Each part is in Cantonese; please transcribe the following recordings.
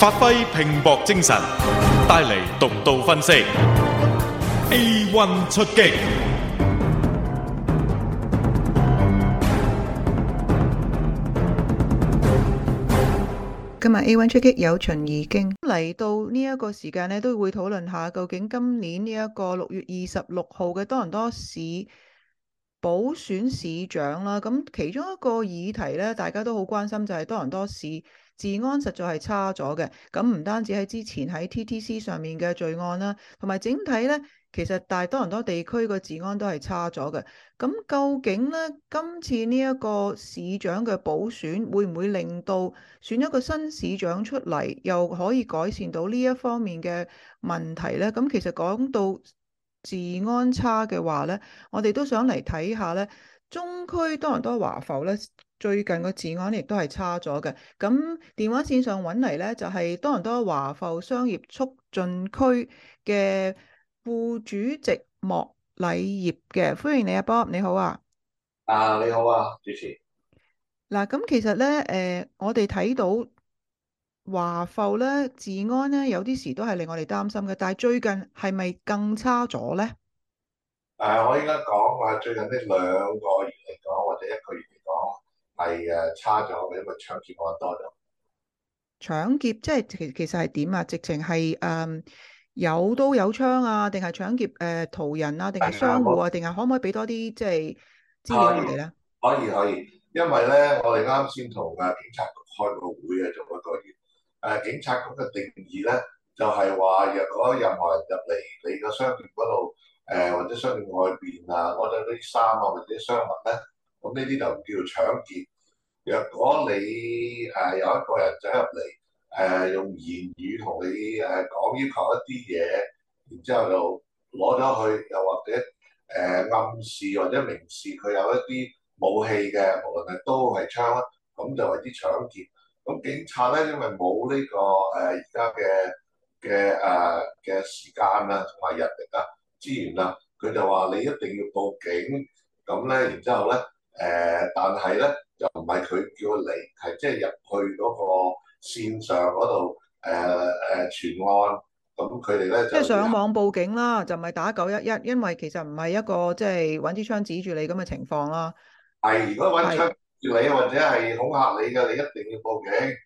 發揮拼搏精神，帶嚟獨到分析。A one 出擊，今日 A one 出擊，有巡而經嚟到呢一個時間呢，都會討論下究竟今年呢一個六月二十六號嘅多倫多市補選市長啦。咁其中一個議題呢，大家都好關心就係多倫多市。治安實在係差咗嘅，咁唔單止喺之前喺 TTC 上面嘅罪案啦，同埋整體呢，其實大多倫多地區個治安都係差咗嘅。咁究竟呢？今次呢一個市長嘅補選會唔會令到選一個新市長出嚟，又可以改善到呢一方面嘅問題呢？咁其實講到治安差嘅話呢，我哋都想嚟睇下呢中區多倫多華埠呢。最近個治安亦都係差咗嘅。咁電話線上揾嚟咧，就係多倫多華埠商業促進區嘅副主席莫禮業嘅。歡迎你啊，Bob，你好啊。啊，你好啊，主持。嗱，咁其實咧，誒，我哋睇到華埠咧治安咧，有啲時都係令我哋擔心嘅。但係最近係咪更差咗咧？誒，我而家講話最近呢兩個月嚟講，或者一個月。係誒差咗嘅，因為搶劫案多咗。搶劫即係其其實係點啊？直情係誒有刀有槍啊，定係搶劫誒途、呃、人啊，定係商戶啊？定係可唔可以俾多啲即係資料佢哋咧？可以可以。因為咧我哋啱先同啊警察局開個會嘅，做一個誒警察局嘅定義咧，就係話若果任何人入嚟你個商店嗰度誒，或者商店外邊啊，攞咗啲衫啊或者商品咧。咁呢啲就唔叫搶劫。若果你誒有一個人走入嚟，誒、呃、用言語同你誒講要求一啲嘢，然之後就攞咗去，又或者誒、呃、暗示或者明示佢有一啲武器嘅，無論係刀係槍啦，咁就為之搶劫。咁警察咧，因為冇呢、呢個誒而家嘅嘅誒嘅時間啊，同埋人力啊資源啊，佢就話你一定要報警。咁咧，然之後咧。誒，但係咧，就唔係佢叫佢嚟，係即係入去嗰個線上嗰度，誒、呃、誒、呃、傳案，咁佢哋咧就即係上網報警啦，就唔係打九一一，因為其實唔係一個即係揾支槍指住你咁嘅情況啦。係，如果揾槍指你是或者係恐嚇你嘅，你一定要報警。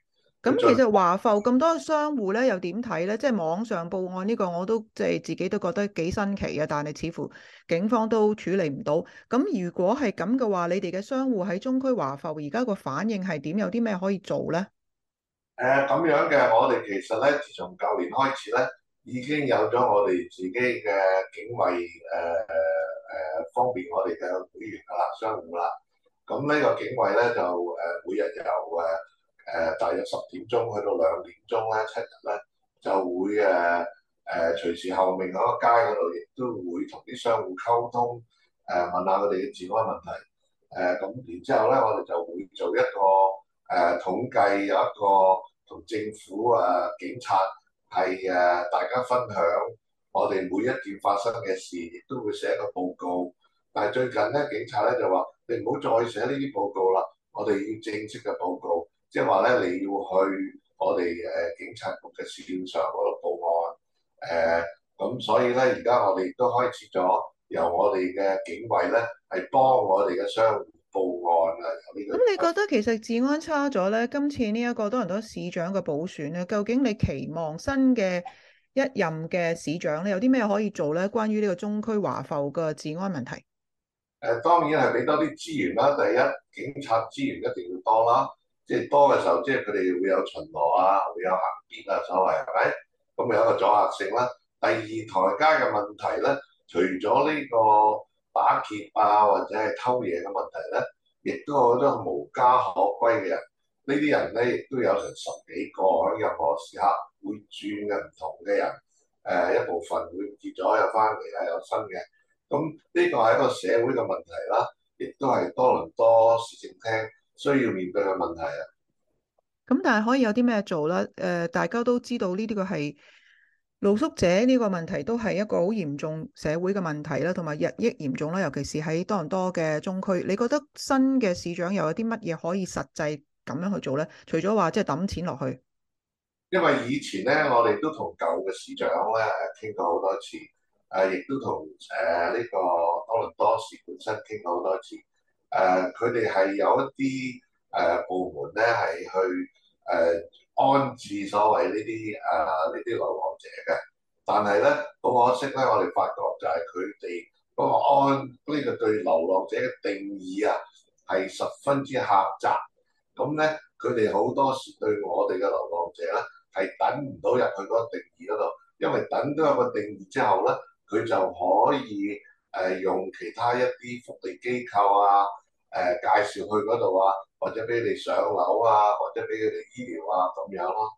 咁、嗯、其實華埠咁多商戶咧，又點睇咧？即、就、係、是、網上報案呢個，我都即係自己都覺得幾新奇啊！但係似乎警方都處理唔到。咁如果係咁嘅話，你哋嘅商戶喺中區華埠而家個反應係點？有啲咩可以做咧？誒咁、呃、樣嘅，我哋其實咧，自從舊年開始咧，已經有咗我哋自己嘅警衞誒誒誒，方便我哋嘅會員噶啦，商戶啦。咁、嗯、呢、這個警衞咧就誒、呃、每日有。誒、呃。誒大約十點鐘去到兩點鐘咧，七日咧就會誒誒隨時後面嗰個街嗰度，亦都會同啲商戶溝通，誒問下佢哋嘅治安問題。誒咁然之後咧，我哋就會做一個誒統計，有一個同政府啊、警察係誒大家分享我哋每一件發生嘅事，亦都會寫一個報告。但係最近咧，警察咧就話：你唔好再寫呢啲報告啦，我哋要正式嘅報告。即係話咧，你要去我哋誒警察局嘅線上嗰度報案誒，咁、呃、所以咧，而家我哋都開始咗由我哋嘅警衞咧係幫我哋嘅商戶報案啊！咁你覺得其實治安差咗咧？今次呢一個多倫多市長嘅補選咧，究竟你期望新嘅一任嘅市長咧有啲咩可以做咧？關於呢個中區華埠嘅治安問題誒、呃，當然係俾多啲資源啦。第一，警察資源一定要多啦。即係多嘅時候，即係佢哋會有巡邏啊，會有行咇啊，所謂係咪？咁有一個阻嚇性啦。第二台階嘅問題咧，除咗呢個打劫啊，或者係偷嘢嘅問題咧，亦都係好多無家可歸嘅人。人呢啲人咧亦都有成十幾個，喺任何時刻會轉嘅唔同嘅人。誒、呃、一部分會跌咗又翻嚟啊，有新嘅。咁呢個係一個社會嘅問題啦，亦都係多倫多市政廳，需要面對嘅問題啊！咁、嗯、但係可以有啲咩做咧？誒、呃，大家都知道呢啲個係露宿者呢個問題都係一個好嚴重社會嘅問題啦，同埋日益嚴重啦。尤其是喺多倫多嘅中區，你覺得新嘅市長又有啲乜嘢可以實際咁樣去做咧？除咗話即係抌錢落去，因為以前咧我哋都同舊嘅市長咧誒傾過好多次，誒、啊、亦都同誒呢個多倫多市本身傾過好多次。誒，佢哋係有一啲誒部門咧，係去誒、呃、安置所謂呢啲誒呢啲流浪者嘅。但係咧，好可惜咧，我哋發覺就係佢哋嗰個安呢個對流浪者嘅定義啊，係十分之狹窄。咁咧，佢哋好多時對我哋嘅流浪者咧係等唔到入去嗰個定義嗰度，因為等到有個定義之後咧，佢就可以誒用其他一啲福利機構啊。誒，介紹去嗰度啊，或者俾你上樓啊，或者俾佢哋醫療啊，咁樣咯。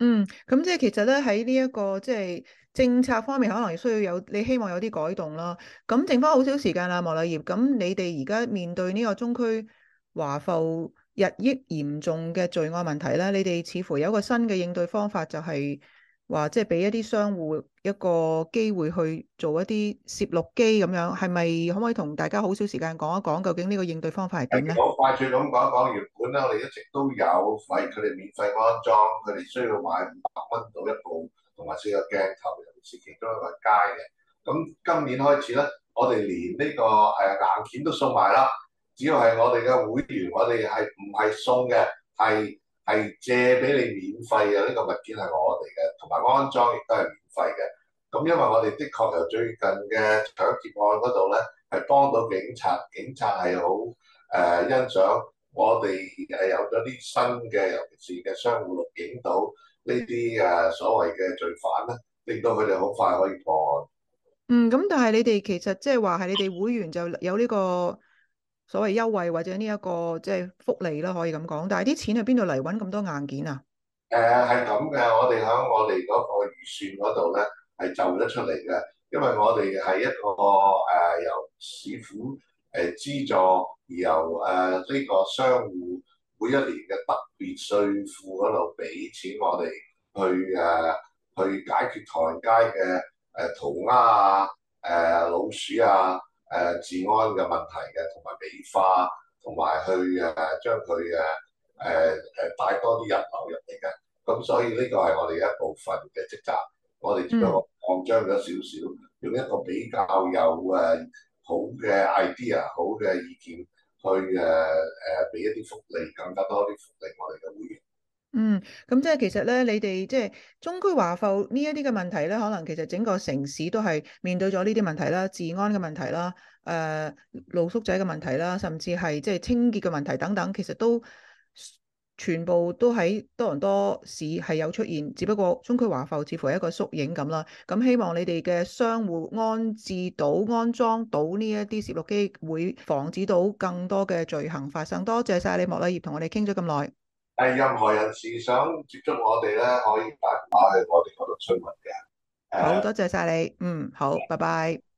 嗯，咁即係其實咧、這個，喺呢一個即係政策方面，可能需要有你希望有啲改動啦。咁剩翻好少時間啦，莫麗葉。咁你哋而家面對呢個中區華埠日益嚴重嘅罪案問題咧，你哋似乎有個新嘅應對方法，就係、是。話即係俾一啲商戶一個機會去做一啲攝錄機咁樣。係咪可唔可以同大家好少時間講一講究竟呢個應對方法係點咧？我快脆咁講一講原本啦，我哋一直都有為佢哋免費安裝，佢哋需要買五百蚊到一部，同埋四個鏡頭，尤其是其中一個街嘅。咁今年開始咧，我哋連呢個誒硬件都送埋啦。只要係我哋嘅會員，我哋係唔係送嘅，係。係借俾你免費嘅呢、這個物件係我哋嘅，同埋安裝亦都係免費嘅。咁因為我哋的確由最近嘅搶劫案嗰度咧，係幫到警察，警察係好誒欣賞我哋係有咗啲新嘅，尤其是嘅商戶錄影到呢啲誒所謂嘅罪犯咧，令到佢哋好快可以破案。嗯，咁但係你哋其實即係話係你哋會員就有呢、這個。所謂優惠或者呢、這、一個即係、就是、福利咯，可以咁講。但係啲錢去邊度嚟，搵咁多硬件啊？誒、呃，係咁嘅，我哋喺我哋嗰個預算嗰度咧係就得出嚟嘅，因為我哋係一個誒、呃、由市府誒資、呃、助，由誒呢、呃這個商戶每一年嘅特別稅庫嗰度俾錢我哋去誒、呃、去解決台街嘅誒塗鴉啊，誒、呃呃、老鼠啊。誒治安嘅問題嘅，同埋美化，同埋去誒將佢誒誒誒帶多啲人流入嚟嘅。咁所以呢個係我哋一部分嘅職責，我哋只不過擴張咗少少，嗯、用一個比較有誒好嘅 idea、好嘅意見去誒誒俾一啲福利，更加多啲福利我哋嘅會員。嗯，咁即係其實咧，你哋即係中區華埠呢一啲嘅問題咧，可能其實整個城市都係面對咗呢啲問題啦，治安嘅問題啦，誒、呃，露宿仔嘅問題啦，甚至係即係清潔嘅問題等等，其實都全部都喺多倫多市係有出現，只不過中區華埠似乎係一個縮影咁啦。咁、嗯、希望你哋嘅商戶安置到、安裝到呢一啲攝錄機，會防止到更多嘅罪行發生。多謝晒你莫禮業同我哋傾咗咁耐。係任何人士想接觸我哋咧，可以打電話去我哋嗰度詢問嘅。Uh, 好多謝晒你，嗯，好，拜拜 Yeah.。